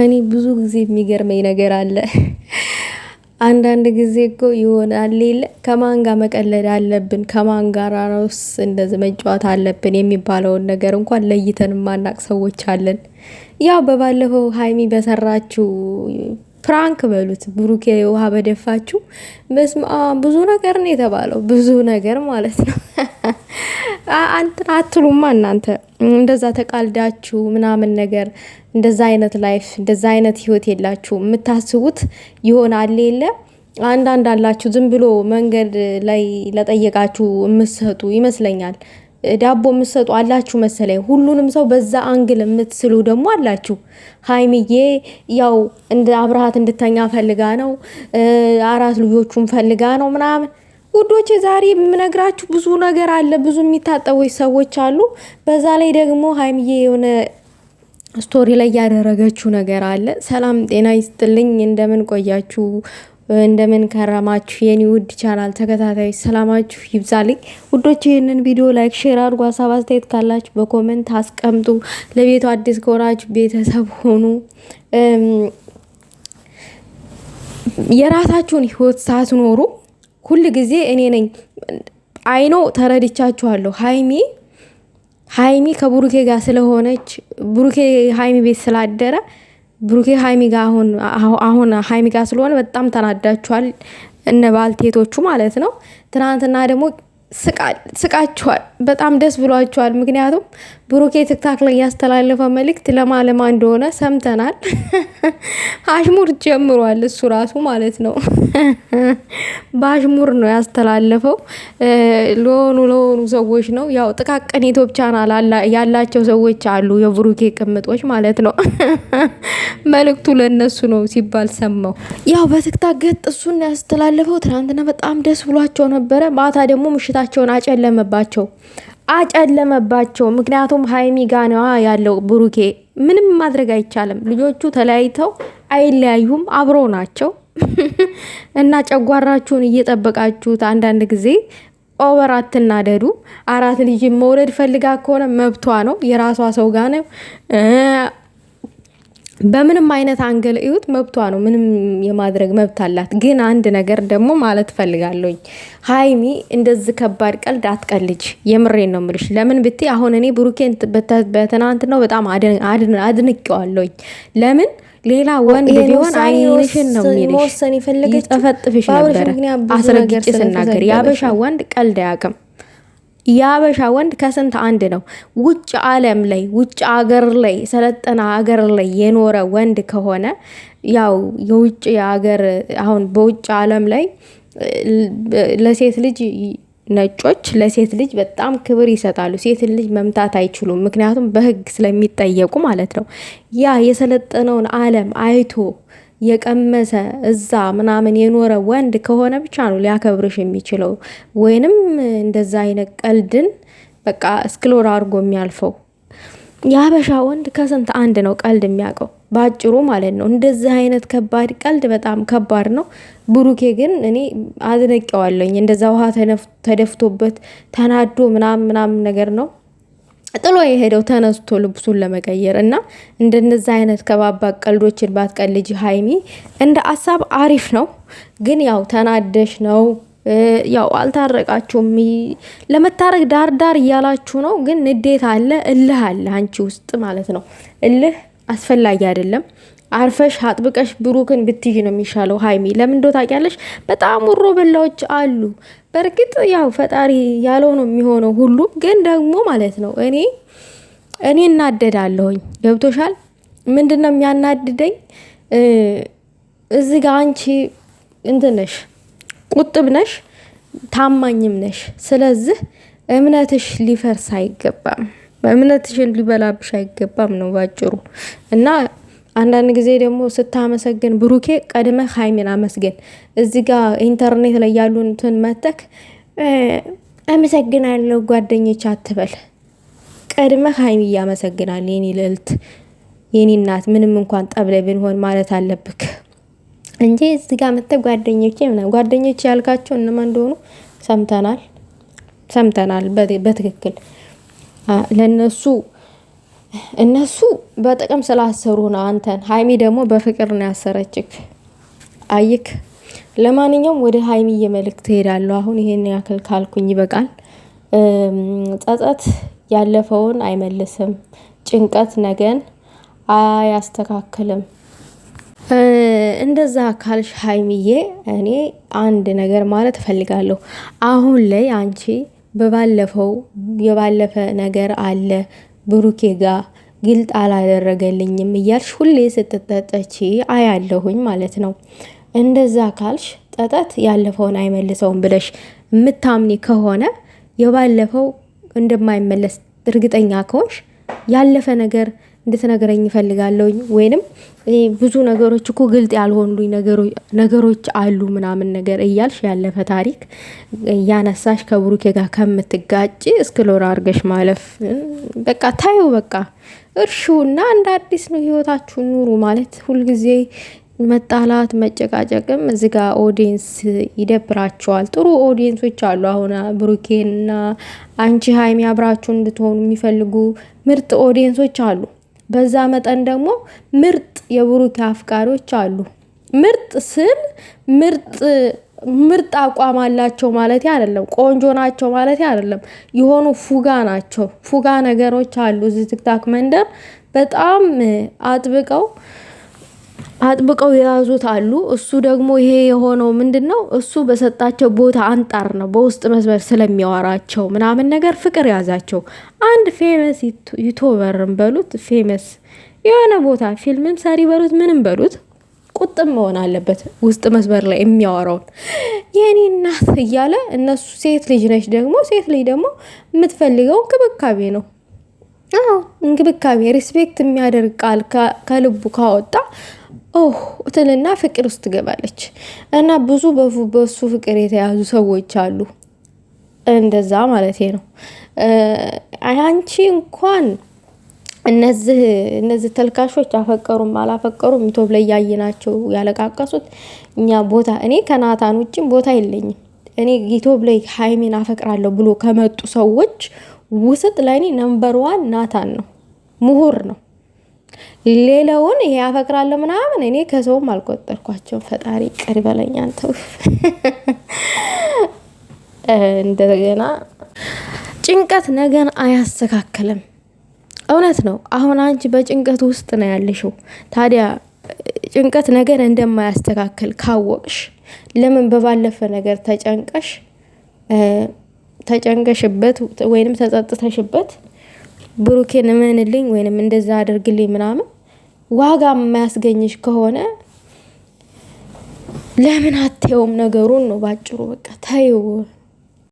እኔ ብዙ ጊዜ የሚገርመኝ ነገር አለ። አንዳንድ ጊዜ እኮ ይሆናል ሌለ ከማን ጋር መቀለድ አለብን፣ ከማን ጋር እንደዚህ መጫወት አለብን የሚባለውን ነገር እንኳን ለይተን ማናቅ ሰዎች አለን። ያው በባለፈው ሀይሚ በሰራችው ፕራንክ በሉት ብሩኬ ውሃ በደፋችሁ በስማ ብዙ ነገር ነው የተባለው፣ ብዙ ነገር ማለት ነው። አንትን አትሉማ እናንተ እንደዛ ተቃልዳችሁ ምናምን ነገር እንደዛ አይነት ላይፍ እንደዛ አይነት ህይወት የላችሁ። የምታስቡት ይሆን አለ የለ አንዳንድ አላችሁ ዝም ብሎ መንገድ ላይ ለጠየቃችሁ የምትሰጡ ይመስለኛል። ዳቦ የምትሰጡ አላችሁ መሰለኝ። ሁሉንም ሰው በዛ አንግል የምትስሉ ደግሞ አላችሁ። ሀይሚዬ ያው እንደ አብርሃት እንድተኛ ፈልጋ ነው፣ አራት ልጆቹን ፈልጋ ነው ምናምን ውዶቼ ዛሬ የምነግራችሁ ብዙ ነገር አለ። ብዙ የሚታጠቦች ሰዎች አሉ። በዛ ላይ ደግሞ ሀይምዬ የሆነ ስቶሪ ላይ ያደረገችው ነገር አለ። ሰላም ጤና ይስጥልኝ። እንደምን ቆያችሁ? እንደምን ከረማችሁ? የኔ ውድ ቻናል ተከታታዮች ሰላማችሁ ይብዛልኝ። ውዶች ይህንን ቪዲዮ ላይክ፣ ሼር አድርጉ። ሀሳብ አስተያየት ካላችሁ በኮመንት አስቀምጡ። ለቤቱ አዲስ ከሆናችሁ ቤተሰብ ሆኑ። የራሳችሁን ህይወት ሳትኖሩ ሁል ጊዜ እኔ ነኝ። አይኖ ተረድቻችኋለሁ። ሀይሚ ሀይሚ ከብሩኬ ጋር ስለሆነች ብሩኬ ሀይሚ ቤት ስላደረ ብሩኬ ሀይሚ ጋር አሁን አሁን ሀይሚ ጋር ስለሆነ በጣም ተናዳችኋል፣ እነ ባልቴቶቹ ማለት ነው። ትናንትና ደግሞ ስቃችኋል፣ በጣም ደስ ብሏችኋል። ምክንያቱም ብሩኬ ትክታክ ላይ ያስተላለፈ መልእክት ለማለማ እንደሆነ ሰምተናል። አሽሙር ጀምሯል እሱ ራሱ ማለት ነው። በአሽሙር ነው ያስተላለፈው ለሆኑ ለሆኑ ሰዎች ነው። ያው ጥቃቅን ዩቱብ ቻናል ያላቸው ሰዎች አሉ፣ የብሩኬ ቅምጦች ማለት ነው። መልእክቱ ለእነሱ ነው ሲባል ሰማው። ያው በትክታክ ገጥ እሱን ያስተላለፈው ትናንትና በጣም ደስ ብሏቸው ነበረ። ማታ ደግሞ ምሽታ መንገዳቸውን አጨለመባቸው አጨለመባቸው። ምክንያቱም ሀይሚ ጋናዋ ያለው ብሩኬ ምንም ማድረግ አይቻልም። ልጆቹ ተለያይተው አይለያዩም፣ አብሮ ናቸው እና ጨጓራችሁን እየጠበቃችሁት አንዳንድ ጊዜ ኦቨር አትናደዱ። አራት ልጅ መውለድ ፈልጋ ከሆነ መብቷ ነው፣ የራሷ ሰው ጋ ነው። በምንም አይነት አንገል እዩት፣ መብቷ ነው። ምንም የማድረግ መብት አላት። ግን አንድ ነገር ደግሞ ማለት ፈልጋለኝ። ሀይሚ እንደዚህ ከባድ ቀልድ አትቀልጅ። የምሬን ነው ምልሽ። ለምን ብቴ አሁን እኔ ብሩኬን በትናንት ነው በጣም አድንቄዋለኝ። ለምን ሌላ ወንድ ቢሆን አይንሽን ነው የሚልሽ፣ ጠፈጥፍሽ ነበረ አስረግጬ ስናገር። የአበሻ ወንድ ቀልድ አያውቅም። የአበሻ ወንድ ከስንት አንድ ነው። ውጭ ዓለም ላይ ውጭ አገር ላይ ሰለጠነ አገር ላይ የኖረ ወንድ ከሆነ ያው የውጭ አገር አሁን በውጭ ዓለም ላይ ለሴት ልጅ ነጮች ለሴት ልጅ በጣም ክብር ይሰጣሉ። ሴት ልጅ መምታት አይችሉም፣ ምክንያቱም በሕግ ስለሚጠየቁ ማለት ነው። ያ የሰለጠነውን ዓለም አይቶ የቀመሰ እዛ ምናምን የኖረ ወንድ ከሆነ ብቻ ነው ሊያከብርሽ የሚችለው። ወይንም እንደዛ አይነት ቀልድን በቃ እስክሎር አድርጎ የሚያልፈው የሀበሻ ወንድ ከስንት አንድ ነው ቀልድ የሚያውቀው በአጭሩ ማለት ነው። እንደዚህ አይነት ከባድ ቀልድ በጣም ከባድ ነው። ብሩኬ ግን እኔ አዝነቀዋለኝ። እንደዛ ውሃ ተደፍቶበት ተናዶ ምናም ምናምን ነገር ነው ጥሎ የሄደው ተነስቶ ልብሱን ለመቀየር እና እንደነዚ አይነት ከባባቅ ቀልዶችን ልጅ ሀይሚ እንደ አሳብ አሪፍ ነው። ግን ያው ተናደሽ ነው ያው አልታረቃችሁም። ለመታረቅ ዳር ዳር እያላችሁ ነው፣ ግን ንዴት አለ፣ እልህ አለ አንቺ ውስጥ ማለት ነው። እልህ አስፈላጊ አይደለም። አርፈሽ አጥብቀሽ ብሩክን ብትይ ነው የሚሻለው። ሀይሚ ለምን ዶ ታውቂያለሽ? በጣም ውሮ በላዎች አሉ። በእርግጥ ያው ፈጣሪ ያለው ነው የሚሆነው ሁሉም። ግን ደግሞ ማለት ነው እኔ እኔ እናደዳለሁኝ። ገብቶሻል? ምንድን ነው የሚያናድደኝ? እዚህ ጋ አንቺ እንትን ነሽ፣ ቁጥብ ነሽ፣ ታማኝም ነሽ። ስለዚህ እምነትሽ ሊፈርስ አይገባም። እምነትሽን ሊበላብሽ አይገባም ነው ባጭሩ እና አንዳንድ ጊዜ ደግሞ ስታመሰግን ብሩኬ ቀድመ ሀይሚን አመስገን። እዚ ጋ ኢንተርኔት ላይ ያሉትን መጠክ አመሰግናለሁ ጓደኞች አትበል። ቀድመ ሀይሚ እያመሰግናል የኔ ልዕልት፣ የኔ እናት፣ ምንም እንኳን ጠብለ ብንሆን ማለት አለብክ እንጂ እዚ ጋ መጥተህ ጓደኞች ምናምን ያልካቸው እነማን እንደሆኑ ሰምተናል ሰምተናል በትክክል ለእነሱ እነሱ በጥቅም ስላሰሩ ነው አንተን። ሀይሚ ደግሞ በፍቅር ነው ያሰረችክ። አይክ ለማንኛውም ወደ ሀይሚዬ መልእክት ትሄዳለሁ አሁን ይሄን ያክል ካልኩኝ ይበቃል። ጸጸት ያለፈውን አይመልስም፣ ጭንቀት ነገን አያስተካክልም። እንደዛ ካልሽ ሀይሚዬ እኔ አንድ ነገር ማለት እፈልጋለሁ። አሁን ላይ አንቺ በባለፈው የባለፈ ነገር አለ ብሩኬ ጋር ግልጥ አላደረገልኝም እያልሽ ሁሌ ስትጠጠች አያለሁኝ ማለት ነው። እንደዛ ካልሽ ጠጠት ያለፈውን አይመልሰውም ብለሽ የምታምኒ ከሆነ የባለፈው እንደማይመለስ እርግጠኛ ከሆንሽ ያለፈ ነገር እንድትነግረኝ ይፈልጋለሁኝ ወይንም ብዙ ነገሮች እኮ ግልጥ ያልሆኑልኝ ነገሮች አሉ ምናምን ነገር እያልሽ ያለፈ ታሪክ እያነሳሽ ከብሩኬ ጋር ከምትጋጭ እስክሎር አድርገሽ ማለፍ በቃ ታዩ በቃ እና እንደ አዲስ ነው ህይወታችሁን ኑሩ። ማለት ሁልጊዜ መጣላት መጨቃጨቅም እዚ ጋ ኦዲየንስ ይደብራቸዋል። ጥሩ ኦዲየንሶች አሉ። አሁን ብሩኬና አንቺ ሀይሚ አብራችሁ እንድትሆኑ የሚፈልጉ ምርጥ ኦዲየንሶች አሉ። በዛ መጠን ደግሞ ምርጥ የብሩኬ አፍቃሪዎች አሉ። ምርጥ ስል ምርጥ ምርጥ አቋም አላቸው ማለት አይደለም። ቆንጆ ናቸው ማለት አይደለም። የሆኑ ፉጋ ናቸው። ፉጋ ነገሮች አሉ እዚህ ትክታክ መንደር በጣም አጥብቀው አጥብቀው የያዙት አሉ። እሱ ደግሞ ይሄ የሆነው ምንድን ነው? እሱ በሰጣቸው ቦታ አንጣር ነው። በውስጥ መስመር ስለሚያወራቸው ምናምን ነገር ፍቅር ያዛቸው። አንድ ፌመስ ዩቱበርን በሉት ፌመስ የሆነ ቦታ ፊልምም ሰሪ በሉት ምንም በሉት ቁጥም መሆን አለበት። ውስጥ መስመር ላይ የሚያወራውን የኔ እናት እያለ እነሱ ሴት ልጅ ነች ደግሞ ሴት ልጅ ደግሞ የምትፈልገው እንክብካቤ ነው። አዎ እንክብካቤ፣ ሪስፔክት የሚያደርግ ቃል ከልቡ ካወጣ ኦህ ትልና ፍቅር ውስጥ ትገባለች። እና ብዙ በሱ ፍቅር የተያዙ ሰዎች አሉ። እንደዛ ማለት ነው። አንቺ እንኳን እነዚህ እነዚህ ተልካሾች አፈቀሩም አላፈቀሩም ቶብ ላይ ያየናቸው ያለቃቀሱት እኛ ቦታ እኔ ከናታን ውጭም ቦታ የለኝም። እኔ ኢትዮብ ላይ ሀይሜን አፈቅራለሁ ብሎ ከመጡ ሰዎች ውስጥ ለእኔ ነምበር ዋን ናታን ነው። ምሁር ነው። ሌላውን ይሄ አፈቅራለሁ ምናምን እኔ ከሰውም አልቆጠርኳቸውም። ፈጣሪ ይቅር በለኝ አንተ። እንደገና ጭንቀት ነገን አያስተካክልም። እውነት ነው። አሁን አንቺ በጭንቀት ውስጥ ነው ያለሽው። ታዲያ ጭንቀት ነገን እንደማያስተካክል ካወቅሽ ለምን በባለፈ ነገር ተጨንቀሽ ተጨንቀሽበት ወይንም ተጸጥተሽበት ብሩኬን እመንልኝ ወይንም እንደዛ አድርግልኝ ምናምን ዋጋ የማያስገኝሽ ከሆነ ለምን አትየውም ነገሩን ነው ባጭሩ። በቃ ተይው።